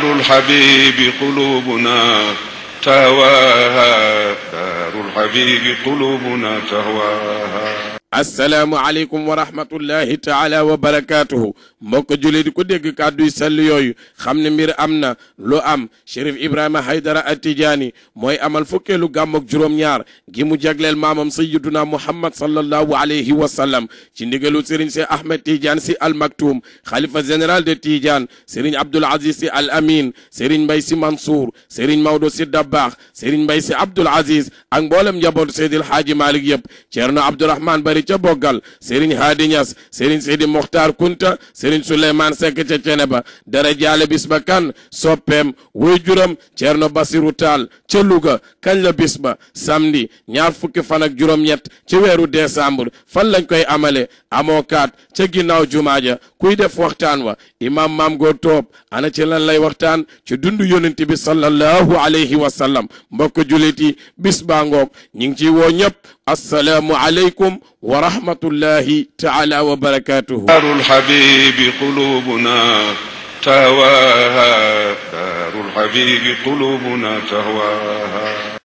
دار الحبيب قلوبنا تهواها دار الحبيب قلوبنا تهواها asalaamualeykum wa rahmatullahi taala wa barakaatuhu mbokk julli di ko dégg kàdduy sell yooyu xam ne mbir am na lu am Chérif Ibrahima Haydara Atijaani mooy amal fukkeelu gàmm ak juróom-ñaar gi mu jagleel maamam sayiduna Muhammad sallallahu alayhi wa sallam ci ndigalu Serigne si Ahmed Tidiane si al Maktoum xalifa général de Tidiane Serigne Abdoul Aziz si al Amin Serigne Mbaye si Mansour Serigne Maodo si Dabbaax Serigne mbay si Abdoul Aziz ak mboolem njaboot Seydil Haaji Malick yëpp ca boggal Serigne Hadi Niass Serigne Sidi Mokhtar Kunta Serigne Souleymane Seck ca Ceneba dara jaale bis ba kan soppeem wuy juram Thierno Basirou Tall ca Louga kañ la bis ba samedi ñaar fukki fan ak juróom-ñett ci weeru décembre fan lañ koy amale amookaat ca ginnaaw jumaa ja kuy def waxtaan wa imam maam góor toob ana ci lan lay waxtaan ci dundu yonent bi sallallahu alayhi wa sallam mbokk jullit yi bis baa ngoog ngi ciy woo ñëpp assalaamu aleykum wa rahmatullahi taala wa barakaatuhu daarul habiibi quluubunaa tahwaahaa daarul habiibi quluubunaa tahwaahaa